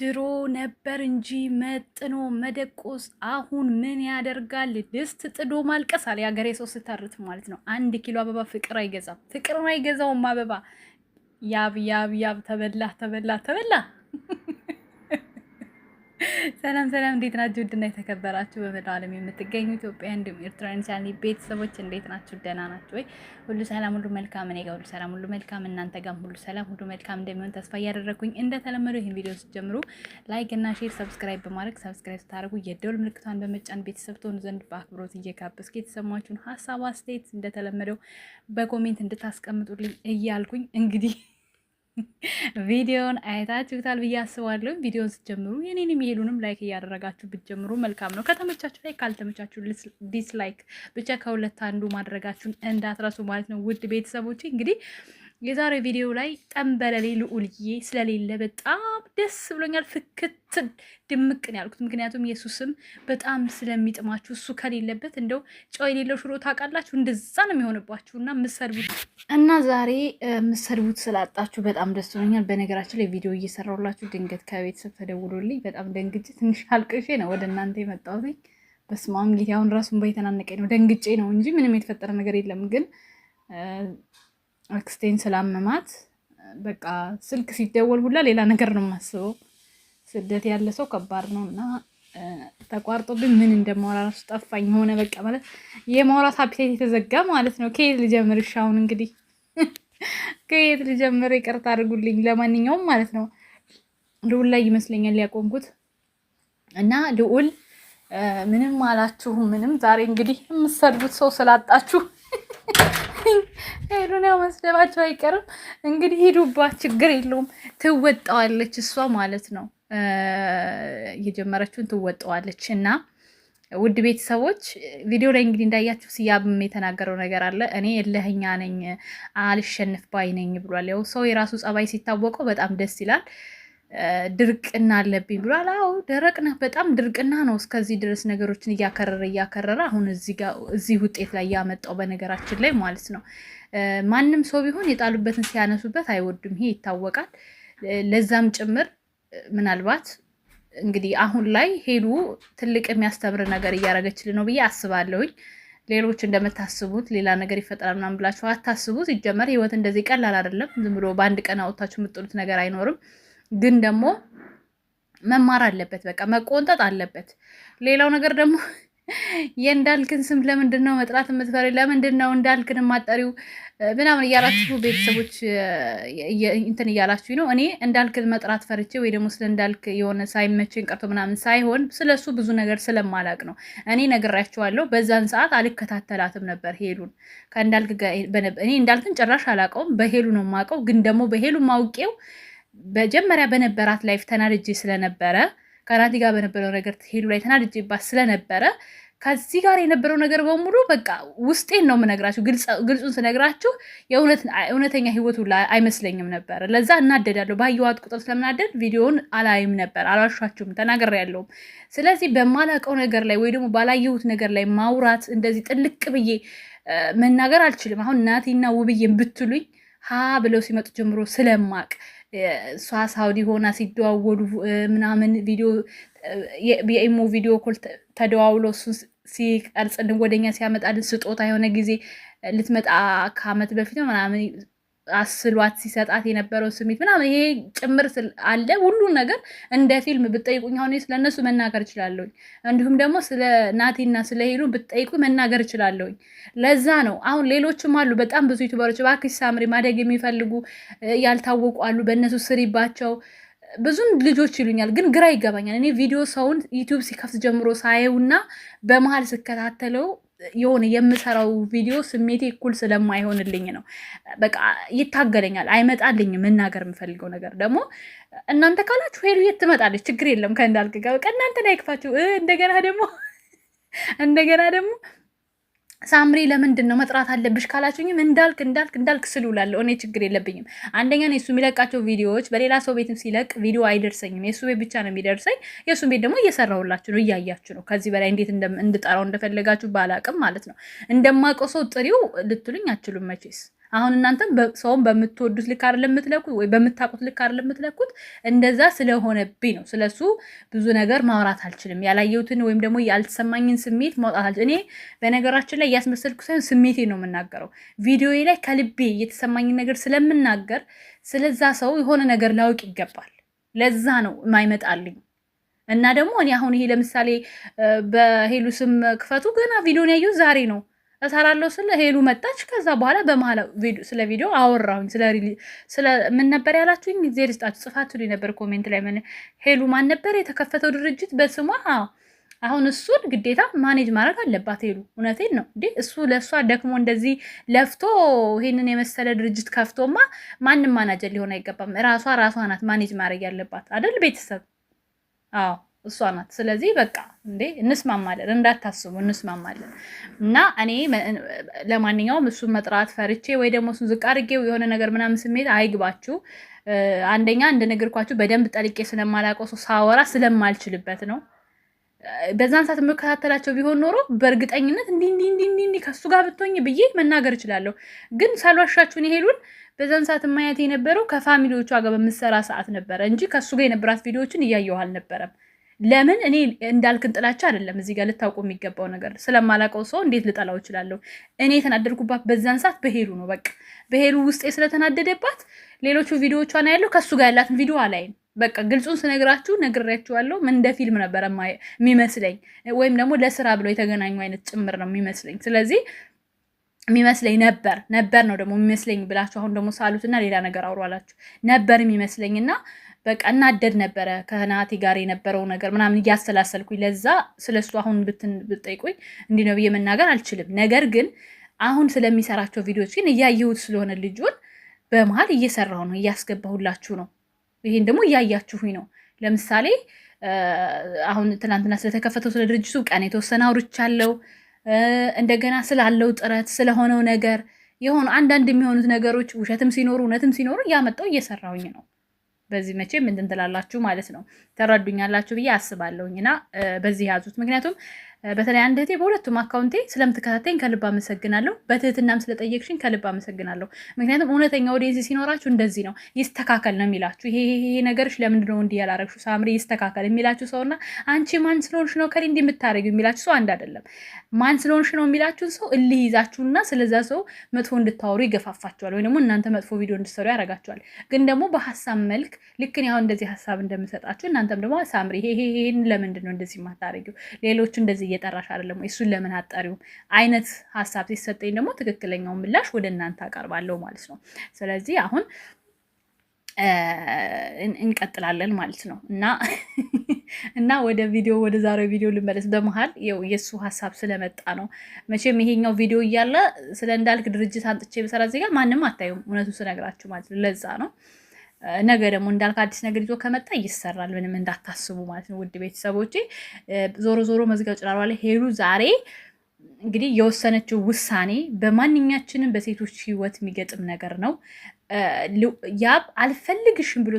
ድሮ ነበር እንጂ መጥኖ መደቆስ አሁን ምን ያደርጋል? ድስት ጥዶ ማልቀስ አለ የሀገሬ ሰው ስታርት ማለት ነው። አንድ ኪሎ አበባ ፍቅር አይገዛም፣ ፍቅር አይገዛውም አበባ። ያብ ያብ ያብ ተበላ ተበላ ተበላ ሰላም ሰላም፣ እንዴት ናችሁ? ውድና የተከበራችሁ በመላው ዓለም የምትገኙ ኢትዮጵያ እንዲሁም ኤርትራውያን ቻናል ቤተሰቦች እንዴት ናችሁ? ደህና ናችሁ ወይ? ሁሉ ሰላም፣ ሁሉ መልካም፣ እኔ ጋር ሁሉ ሰላም፣ ሁሉ መልካም፣ እናንተ ጋርም ሁሉ ሰላም፣ ሁሉ መልካም እንደሚሆን ተስፋ እያደረግኩኝ እንደተለመደው ይህን ቪዲዮ ስትጀምሩ ላይክ እና ሼር፣ ሰብስክራይብ በማድረግ ሰብስክራይብ ስታደርጉ የደውል ምልክቷን በመጫን ቤተሰብ ትሆኑ ዘንድ በአክብሮት እየጋበዝኩ የተሰማችሁን ሀሳብ አስተያየት እንደተለመደው በኮሜንት እንድታስቀምጡልኝ እያልኩኝ እንግዲህ ቪዲዮን አይታችሁታል ብዬ አስባለሁ። ቪዲዮን ስትጀምሩ የኔንም የሄሉንም ላይክ እያደረጋችሁ ብትጀምሩ መልካም ነው። ከተመቻችሁ ላይ ካልተመቻችሁ ዲስላይክ ብቻ ከሁለት አንዱ ማድረጋችሁን እንዳትረሱ ማለት ነው። ውድ ቤተሰቦች እንግዲህ የዛሬ ቪዲዮ ላይ ጠንበለሌ ልዑልዬ ስለሌለ በጣም ደስ ብሎኛል። ፍክት ድምቅን ያልኩት ምክንያቱም የሱ ስም በጣም ስለሚጥማችሁ እሱ ከሌለበት እንደው ጨው የሌለው ሽሮ ታውቃላችሁ፣ እንደዛ ነው የሚሆንባችሁ እና ምሰርቡት እና ዛሬ ምሰርቡት ስላጣችሁ በጣም ደስ ብሎኛል። በነገራችን ላይ ቪዲዮ እየሰራሁላችሁ ድንገት ከቤተሰብ ተደውሎልኝ በጣም ደንግጬ ትንሽ አልቅሼ ነው ወደ እናንተ የመጣሁት። በስመ አብ ጌታ፣ አሁን ራሱን ባይተናነቀኝ ነው ደንግጬ ነው እንጂ ምንም የተፈጠረ ነገር የለም ግን አክስቴን ስላመማት በቃ ስልክ ሲደወል ሁላ ሌላ ነገር ነው የማስበው። ስደት ያለ ሰው ከባድ ነው እና ተቋርጦብኝ ምን እንደማወራ እራሱ ጠፋኝ። ሆነ በቃ ማለት የማውራት ሀፒታይት የተዘጋ ማለት ነው። ከየት ልጀምርሽ? አሁን እንግዲህ ከየት ልጀምር? ይቅርታ አድርጉልኝ። ለማንኛውም ማለት ነው ልዑል ላይ ይመስለኛል ያቆምኩት እና ልዑል ምንም አላችሁ ምንም ዛሬ እንግዲህ የምትሰድቡት ሰው ስላጣችሁ ሄዱን ያው መስደባቸው አይቀርም እንግዲህ ሂዱባት፣ ችግር የለውም ትወጣዋለች፣ እሷ ማለት ነው እየጀመረችውን ትወጣዋለች። እና ውድ ቤተሰቦች ቪዲዮ ላይ እንግዲህ እንዳያችሁ ስያብም የተናገረው ነገር አለ። እኔ የለህኛ ነኝ አልሸንፍ ባይ ነኝ ብሏል። ያው ሰው የራሱ ጸባይ ሲታወቀው በጣም ደስ ይላል። ድርቅና አለብኝ ብሏል። አዎ ደረቅ ነህ፣ በጣም ድርቅና ነው እስከዚህ ድረስ ነገሮችን እያከረረ እያከረረ አሁን እዚህ ውጤት ላይ ያመጣው በነገራችን ላይ ማለት ነው። ማንም ሰው ቢሆን የጣሉበትን ሲያነሱበት አይወዱም ይሄ ይታወቃል። ለዛም ጭምር ምናልባት እንግዲህ አሁን ላይ ሄሉ ትልቅ የሚያስተምር ነገር እያደረገችልን ነው ብዬ አስባለሁኝ። ሌሎች እንደምታስቡት ሌላ ነገር ይፈጠራል ምናምን ብላችሁ አታስቡት። ይጀመር ህይወት እንደዚህ ቀላል አይደለም። ዝም ብሎ በአንድ ቀን አወታችሁ የምጥሉት ነገር አይኖርም። ግን ደግሞ መማር አለበት። በቃ መቆንጠጥ አለበት። ሌላው ነገር ደግሞ የእንዳልክን ስም ለምንድን ነው መጥራት የምትፈሪ? ለምንድን ነው እንዳልክን ማጠሪው? ምናምን እያላችሁ ቤተሰቦች እንትን እያላችሁ ነው። እኔ እንዳልክን መጥራት ፈርቼ ወይ ደግሞ ስለ እንዳልክ የሆነ ሳይመቸኝ ቀርቶ ምናምን ሳይሆን ስለሱ ብዙ ነገር ስለማላቅ ነው። እኔ ነግራችኋለሁ። በዛን ሰዓት አልከታተላትም ነበር ሄሉን ከእንዳልክ ጋር። እኔ እንዳልክን ጭራሽ አላውቀውም፣ በሄሉ ነው የማውቀው። ግን ደግሞ በሄሉ ማውቄው መጀመሪያ በነበራት ላይፍ ተናድጄ ስለነበረ ከናቲ ጋር በነበረው ነገር ሄዱ ላይ ተናድጄባት ስለነበረ ከዚህ ጋር የነበረው ነገር በሙሉ በቃ ውስጤን ነው የምነግራችሁ። ግልጹን ስነግራችሁ የእውነተኛ ህይወቱ አይመስለኝም ነበር። ለዛ እናደዳለሁ። ባየዋት ቁጥር ስለምናደድ ቪዲዮውን አላይም ነበር። አላሻችሁም ተናገር ያለውም። ስለዚህ በማላውቀው ነገር ላይ ወይ ደግሞ ባላየሁት ነገር ላይ ማውራት እንደዚህ ጥልቅ ብዬ መናገር አልችልም። አሁን ናቲና ውብዬን ብትሉኝ ሀ ብለው ሲመጡ ጀምሮ ስለማቅ እሷ ሳውዲ ሆና ሲደዋወሉ ምናምን ቪዲዮ የኢሞ ቪዲዮ ኮል ተደዋውሎ እሱን ሲቀርጽልን ወደኛ ሲያመጣልን ስጦታ የሆነ ጊዜ ልትመጣ ከአመት በፊት ምናምን አስሏት ሲሰጣት የነበረው ስሜት ምናምን ይሄ ጭምር አለ። ሁሉን ነገር እንደ ፊልም ብጠይቁኝ አሁን ስለእነሱ መናገር እችላለሁኝ። እንዲሁም ደግሞ ስለ ናቴና ስለ ሄሉ ብጠይቁ መናገር እችላለሁኝ። ለዛ ነው አሁን ሌሎችም አሉ፣ በጣም ብዙ ዩቱበሮች እባክሽ ሳምሪ ማደግ የሚፈልጉ ያልታወቁ አሉ፣ በእነሱ ስሪባቸው ብዙም ልጆች ይሉኛል፣ ግን ግራ ይገባኛል። እኔ ቪዲዮ ሰውን ዩቱብ ሲከፍት ጀምሮ ሳየውና በመሀል ስከታተለው የሆነ የምሰራው ቪዲዮ ስሜቴ እኩል ስለማይሆንልኝ ነው። በቃ ይታገለኛል፣ አይመጣልኝም። መናገር የምፈልገው ነገር ደግሞ እናንተ ካላችሁ ሄሉ የት ትመጣለች? ችግር የለም ከእንዳልክ ጋር በቃ እናንተን አይክፋችሁ። እንደገና ደግሞ እንደገና ደግሞ ሳምሪ ለምንድን ነው መጥራት አለብሽ ካላችሁኝም እንዳልክ እንዳልክ እንዳልክ ስሉ ውላለሁ። እኔ ችግር የለብኝም። አንደኛ እሱ የሚለቃቸው ቪዲዮዎች በሌላ ሰው ቤትም ሲለቅ ቪዲዮ አይደርሰኝም። የእሱ ቤት ብቻ ነው የሚደርሰኝ። የእሱ ቤት ደግሞ እየሰራሁላችሁ ነው፣ እያያችሁ ነው። ከዚህ በላይ እንዴት እንድጠራው እንደፈለጋችሁ ባላቅም ማለት ነው። እንደማውቀው ሰው ጥሪው ልትሉኝ አችሉም መቼስ አሁን እናንተ ሰውን በምትወዱት ልክ አይደለም የምትለኩት፣ ወይ በምታውቁት ልክ አይደለም የምትለኩት። እንደዛ ስለሆነብኝ ነው። ስለሱ ብዙ ነገር ማውራት አልችልም። ያላየሁትን ወይም ደግሞ ያልተሰማኝን ስሜት ማውጣት አልችልም። እኔ በነገራችን ላይ እያስመሰልኩ ሳይሆን ስሜቴ ነው የምናገረው። ቪዲዮዬ ላይ ከልቤ የተሰማኝን ነገር ስለምናገር ስለዛ ሰው የሆነ ነገር ላውቅ ይገባል። ለዛ ነው የማይመጣልኝ። እና ደግሞ እኔ አሁን ይሄ ለምሳሌ በሄሉ ስም ክፈቱ ገና ቪዲዮን ያየሁት ዛሬ ነው እሰራለሁ ስለ ሄሉ መጣች። ከዛ በኋላ በመሀል ስለ ቪዲዮ አወራሁኝ። ስለምን ነበር ያላችሁኝ? ጊዜ ልስጣችሁ ጽፋችሁ ነበር ኮሜንት ላይ ምን ሄሉ ማን ነበር የተከፈተው ድርጅት በስሟ አሁን እሱን ግዴታ ማኔጅ ማድረግ አለባት ሄሉ። እውነቴን ነው እንዴ እሱ ለእሷ ደክሞ እንደዚህ ለፍቶ ይህንን የመሰለ ድርጅት ከፍቶማ ማንም ማናጀር ሊሆን አይገባም። ራሷ ራሷ ናት ማኔጅ ማድረግ ያለባት አደል ቤተሰብ። አዎ እሷ ናት። ስለዚህ በቃ እንዴ እንስማማለን፣ እንዳታስቡ እንስማማለን። እና እኔ ለማንኛውም እሱን መጥራት ፈርቼ ወይ ደግሞ እሱን ዝቅ አድርጌው የሆነ ነገር ምናምን ስሜት አይግባችሁ። አንደኛ እንደነገርኳችሁ በደንብ ጠልቄ ስለማላውቀው ሰው ሳወራ ስለማልችልበት ነው። በዛን ሰዓት የምከታተላቸው ቢሆን ኖሮ በእርግጠኝነት እንዲህ እንዲህ እንዲህ ከሱ ጋር ብትሆኝ ብዬ መናገር እችላለሁ። ግን ሳልዋሻችሁን የሄሉን በዛን ሰዓት ማየት የነበረው ከፋሚሊዎቿ ጋር በምሰራ ሰዓት ነበረ እንጂ ከሱ ጋር የነበራት ቪዲዮዎችን እያየሁ አልነበረም። ለምን እኔ እንዳልክን ጥላቻ አይደለም እዚህ ጋር ልታውቁ የሚገባው ነገር ስለማላውቀው ሰው እንዴት ልጠላው እችላለሁ? እኔ የተናደድኩባት በዛን ሰዓት በሄሉ ነው። በቃ በሄሉ ውስጤ ስለተናደደባት ሌሎቹ ቪዲዮቿን ያለው ከሱ ጋር ያላትን ቪዲዮ አላይም። በቃ ግልጹን ስነግራችሁ ነግሬያችኋለሁ። ምን እንደ ፊልም ነበረ የሚመስለኝ ወይም ደግሞ ለስራ ብለው የተገናኙ አይነት ጭምር ነው የሚመስለኝ። ስለዚህ የሚመስለኝ ነበር ነበር ነው ደግሞ የሚመስለኝ ብላችሁ አሁን ደግሞ ሳሉትና ሌላ ነገር አውሯላችሁ ነበር የሚመስለኝ እና በቃ እናደድ ነበረ ከናቲ ጋር የነበረው ነገር ምናምን እያሰላሰልኩኝ፣ ለዛ ስለሱ አሁን ብትጠይቁኝ እንዲህ ነው ብዬ መናገር አልችልም። ነገር ግን አሁን ስለሚሰራቸው ቪዲዮዎች ግን እያየሁት ስለሆነ ልጁን በመሀል እየሰራሁ ነው፣ እያስገባሁላችሁ ነው። ይህን ደግሞ እያያችሁኝ ነው። ለምሳሌ አሁን ትናንትና ስለተከፈተው ስለ ድርጅቱ ቀን የተወሰነ አውርቻለሁ። እንደገና ስላለው ጥረት ስለሆነው ነገር የሆኑ አንዳንድ የሚሆኑት ነገሮች ውሸትም ሲኖሩ እውነትም ሲኖሩ እያመጣው እየሰራውኝ ነው። በዚህ መቼም እንትን ትላላችሁ ማለት ነው። ተረዱኛላችሁ ብዬ አስባለሁኝ እና በዚህ ያዙት ምክንያቱም በተለይ አንድ እህቴ በሁለቱም አካውንቴ ስለምትከታተኝ ከልብ አመሰግናለሁ። በትህትናም ስለጠየቅሽኝ ከልብ አመሰግናለሁ። ምክንያቱም እውነተኛ ወደዚህ ሲኖራችሁ እንደዚህ ነው ይስተካከል ነው የሚላችሁ። ይሄ ነገርሽ ለምንድነው እንዲህ ያላረግሽው ሳምሪ ይስተካከል የሚላችሁ ሰውና አንቺ ማን ስለሆንሽ ነው ከሊ እንዲህ የሚላችሁ ሰው አንድ አይደለም። ማን ስለሆንሽ ነው የሚላችሁን ሰው እልህ ይዛችሁና ስለዛ ሰው መጥፎ እንድታወሩ ይገፋፋችኋል፣ ወይ ደግሞ እናንተ መጥፎ ቪዲዮ እንድሰሩ ያደርጋችኋል። ግን ደግሞ በሀሳብ መልክ ልክን ያሁን እንደዚህ ሀሳብ እንደምሰጣችሁ እናንተም ደግሞ ሳምሪ ይሄ ይሄን ለምንድን ነው እንደዚህ የማታደርጊው ሌሎቹ እንደዚህ እየጠራሽ አይደለም ወይ? እሱን ለምን አጠሪው አይነት ሀሳብ ሲሰጠኝ ደግሞ ትክክለኛው ምላሽ ወደ እናንተ አቀርባለሁ ማለት ነው። ስለዚህ አሁን እንቀጥላለን ማለት ነው እና እና ወደ ቪዲዮ ወደ ዛሬው ቪዲዮ ልመለስ። በመሀል የእሱ ሀሳብ ስለመጣ ነው መቼም ይሄኛው ቪዲዮ እያለ ስለ እንዳልክ ድርጅት አንጥቼ በሰራ ዜጋ ማንም አታዩም፣ እውነቱ ስነግራችሁ ማለት ነው። ለዛ ነው ነገ ደግሞ እንዳልክ አዲስ ነገር ይዞ ከመጣ ይሰራል። ምንም እንዳታስቡ ማለት ነው ውድ ቤተሰቦቼ። ዞሮ ዞሮ መዝጋው ጭራሯ ላይ ሄሉ ዛሬ እንግዲህ የወሰነችው ውሳኔ በማንኛችንም በሴቶች ህይወት የሚገጥም ነገር ነው። ያብ አልፈልግሽም ብሎ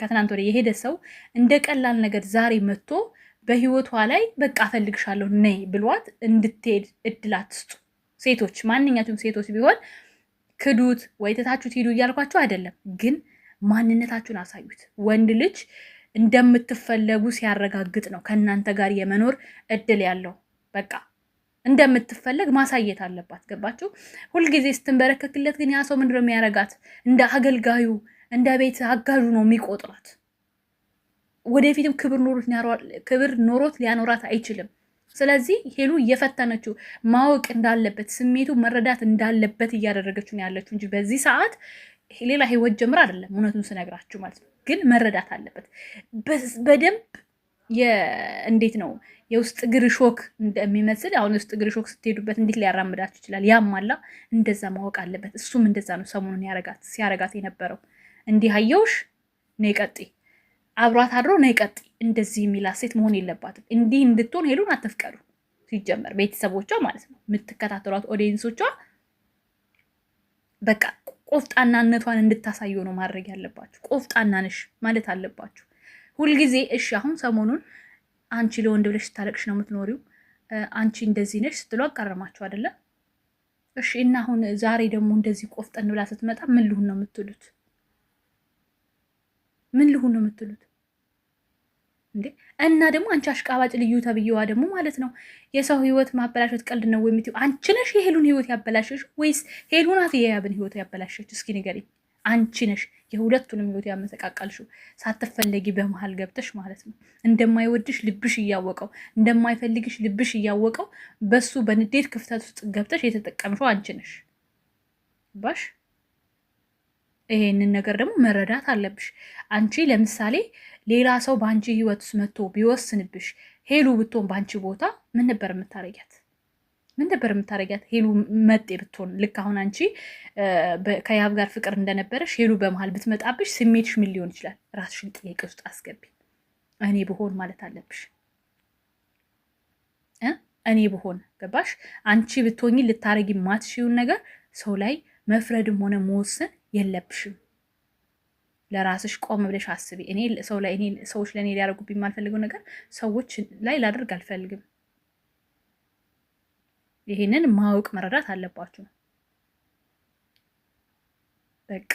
ከትናንት ወደ የሄደ ሰው እንደ ቀላል ነገር ዛሬ መጥቶ በህይወቷ ላይ በቃ እፈልግሻለሁ ነይ ብሏት እንድትሄድ እድል አትስጡ። ሴቶች ማንኛችሁም ሴቶች ቢሆን ክዱት ወይ ትታችሁት ሂዱ እያልኳቸው አይደለም ግን ማንነታችሁን አሳዩት። ወንድ ልጅ እንደምትፈለጉ ሲያረጋግጥ ነው ከእናንተ ጋር የመኖር እድል ያለው። በቃ እንደምትፈለግ ማሳየት አለባት። ገባችሁ? ሁልጊዜ ስትንበረከክለት ግን ያ ሰው ምንድነው የሚያረጋት? እንደ አገልጋዩ እንደ ቤት አጋዡ ነው የሚቆጥራት። ወደፊትም ክብር ኖሮት ሊያኖራት አይችልም። ስለዚህ ሄሉ እየፈተነችው ማወቅ እንዳለበት ስሜቱ መረዳት እንዳለበት እያደረገችው ነው ያለችው እንጂ በዚህ ሰዓት ሌላ ህይወት ጀምር አይደለም፣ እውነቱን ስነግራችሁ ማለት ነው። ግን መረዳት አለበት በደንብ እንዴት ነው የውስጥ እግር ሾክ እንደሚመስል አሁን የውስጥ እግር ሾክ ስትሄዱበት እንዴት ሊያራምዳችሁ ይችላል። ያም እንደዛ ማወቅ አለበት። እሱም እንደዛ ነው ሰሞኑን ሲያረጋት የነበረው እንዲህ አየውሽ ነይ ቀጤ፣ አብሯት አድሮ ነይ ቀጤ፣ እንደዚህ የሚላት ሴት መሆን የለባትም። እንዲህ እንድትሆን ሄሉን አትፍቀዱ። ሲጀመር ቤተሰቦቿ ማለት ነው የምትከታተሏት ኦዲየንሶቿ በቃ ቆፍጣናነቷን እንድታሳየው ነው ማድረግ ያለባችሁ። ቆፍጣናንሽ ማለት አለባችሁ ሁልጊዜ። እሺ አሁን ሰሞኑን አንቺ ለወንድ ብለሽ ስታለቅሽ ነው የምትኖሪው፣ አንቺ እንደዚህ ነሽ ስትሉ አቃረማችሁ አይደለም። እሺ እና አሁን ዛሬ ደግሞ እንደዚህ ቆፍጠን ብላ ስትመጣ ምን ልሁን ነው የምትሉት? ምን ልሁን ነው የምትሉት? እንዴ እና ደግሞ አንቺ አሽቃባጭ ልዩ ተብዬዋ ደግሞ ማለት ነው የሰው ህይወት ማበላሸት ቀልድ ነው ወይም አንቺ ነሽ የሄሉን ህይወት ያበላሸች ወይስ ሄሉ ናት የያብን ህይወት ያበላሸች? እስኪ ንገሪኝ። አንቺ ነሽ የሁለቱንም ህይወት ያመሰቃቀልሽው ሳትፈለጊ በመሀል ገብተሽ ማለት ነው። እንደማይወድሽ ልብሽ እያወቀው እንደማይፈልግሽ ልብሽ እያወቀው በሱ በንዴት ክፍተት ውስጥ ገብተሽ የተጠቀምሽው አንቺ ነሽ ባሽ ይሄንን ነገር ደግሞ መረዳት አለብሽ። አንቺ ለምሳሌ ሌላ ሰው በአንቺ ህይወት ውስጥ መጥቶ ቢወስንብሽ ሄሉ ብትሆን በአንቺ ቦታ ምን ነበር የምታረጊያት? ምን ነበር የምታረጊያት? ሄሉ መጤ ብትሆን ልክ አሁን አንቺ ከያብ ጋር ፍቅር እንደነበረሽ ሄሉ በመሀል ብትመጣብሽ ስሜትሽ ምን ሊሆን ይችላል? ራስሽን ጥያቄ ውስጥ አስገቢ። እኔ ብሆን ማለት አለብሽ እኔ ብሆን ገባሽ? አንቺ ብትሆኝ ልታረጊ ማትሽውን ነገር ሰው ላይ መፍረድም ሆነ መወሰን የለብሽም። ለራስሽ ቆም ብለሽ አስቢ። እኔ ሰው ላይ እኔ ሰዎች ለእኔ ሊያደርጉብኝ የማልፈልገው ነገር ሰዎች ላይ ላደርግ አልፈልግም። ይህንን ማወቅ መረዳት አለባችሁ። በቃ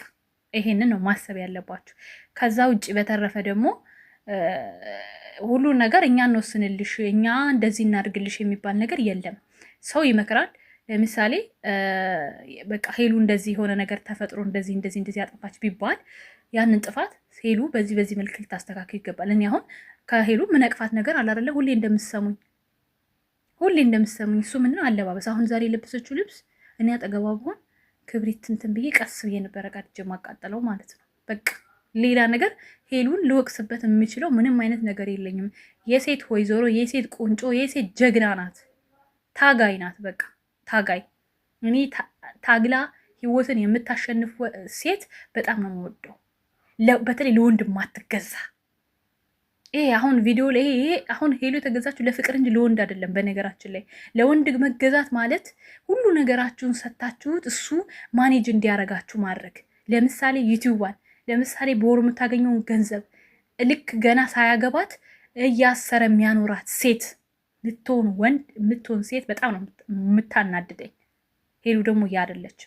ይሄንን ነው ማሰብ ያለባችሁ። ከዛ ውጭ በተረፈ ደግሞ ሁሉ ነገር እኛ እንወስንልሽ፣ እኛ እንደዚህ እናድርግልሽ የሚባል ነገር የለም። ሰው ይመክራል፣ ለምሳሌ በቃ ሄሉ እንደዚህ የሆነ ነገር ተፈጥሮ እንደዚህ እንደዚህ እንደዚህ ያጠፋች ቢባል ያንን ጥፋት ሄሉ በዚህ በዚህ መልክ ልታስተካክል ይገባል። እኔ አሁን ከሄሉ ምነቅፋት ነገር አላደለ ሁሌ እንደምሰሙኝ ሁሌ እንደምሰሙኝ እሱ ምንድን አለባበስ አሁን ዛሬ የለበሰችው ልብስ እኔ አጠገቧ ብሆን ክብሪት ትንትን ብዬ ቀስ ብዬ ነበረ ቀድጄ ማቃጠለው ማለት ነው። በቃ ሌላ ነገር ሄሉን ልወቅስበት የምችለው ምንም አይነት ነገር የለኝም። የሴት ወይዘሮ፣ የሴት ቁንጮ፣ የሴት ጀግና ናት፣ ታጋይ ናት በቃ ታጋይ እኔ ታግላ ህይወትን የምታሸንፍ ሴት በጣም ነው የምወደው። በተለይ ለወንድ ማትገዛ ይሄ አሁን ቪዲዮ ላይ ይሄ አሁን ሄሎ የተገዛችሁ ለፍቅር እንጂ ለወንድ አይደለም። በነገራችን ላይ ለወንድ መገዛት ማለት ሁሉ ነገራችሁን ሰታችሁት እሱ ማኔጅ እንዲያረጋችሁ ማድረግ። ለምሳሌ ዩቲዩቧን፣ ለምሳሌ በወሩ የምታገኘውን ገንዘብ ልክ ገና ሳያገባት እያሰረ የሚያኖራት ሴት ልትሆን ወንድ የምትሆን ሴት በጣም ነው የምታናድደኝ። ሄዱ ደግሞ እያደለች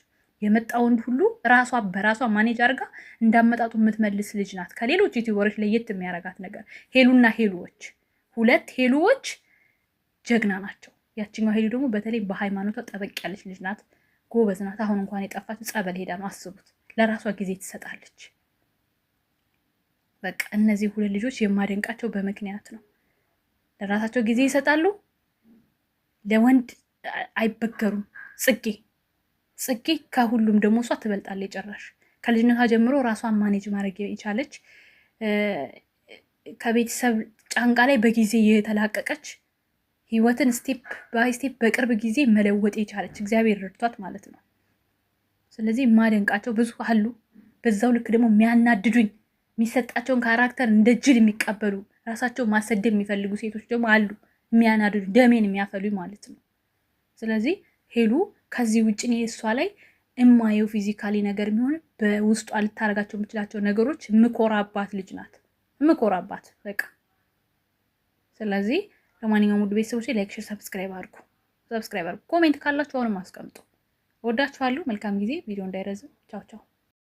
የመጣ ወንድ ሁሉ ራሷ በራሷ ማኔጅ አድርጋ እንዳመጣጡ የምትመልስ ልጅ ናት። ከሌሎች ዩቲዩበሮች ለየት የሚያረጋት ነገር ሄሉና ሄሉዎች ሁለት ሄሉዎች ጀግና ናቸው። ያችኛው ሄሉ ደግሞ በተለይ በሃይማኖቷ ጠበቅ ያለች ልጅ ናት። ጎበዝ ናት። አሁን እንኳን የጠፋች ጸበል ሄዳ ነው። አስቡት። ለራሷ ጊዜ ትሰጣለች። በቃ እነዚህ ሁለት ልጆች የማደንቃቸው በምክንያት ነው። ለራሳቸው ጊዜ ይሰጣሉ። ለወንድ አይበገሩም። ጽጌ ጽጌ ከሁሉም ደግሞ እሷ ትበልጣለች። ጨራሽ ከልጅነቷ ጀምሮ ራሷን ማኔጅ ማድረግ የቻለች ከቤተሰብ ጫንቃ ላይ በጊዜ የተላቀቀች ህይወትን ስቴፕ ባይ ስቴፕ በቅርብ ጊዜ መለወጥ የቻለች እግዚአብሔር ረድቷት ማለት ነው። ስለዚህ የማደንቃቸው ብዙ አሉ። በዛው ልክ ደግሞ የሚያናድዱኝ የሚሰጣቸውን ካራክተር እንደ ጅል የሚቀበሉ ራሳቸው ማሰደብ የሚፈልጉ ሴቶች ደግሞ አሉ፣ የሚያናድዱ ደሜን የሚያፈሉ ማለት ነው። ስለዚህ ሄሉ ከዚህ ውጭ እኔ እሷ ላይ እማየው ፊዚካሊ ነገር የሚሆን በውስጧ ልታደርጋቸው የምችላቸው ነገሮች ምኮራባት ልጅ ናት፣ ምኮራባት በቃ። ስለዚህ ለማንኛውም ውድ ቤተሰቦች ላይክ፣ ሼር፣ ሰብስክራይብ አድርጉ። ሰብስክራይብ አድርጉ። ኮሜንት ካላችሁ አሁንም አስቀምጡ። ወዳችኋለሁ። መልካም ጊዜ። ቪዲዮ እንዳይረዝም። ቻው ቻው።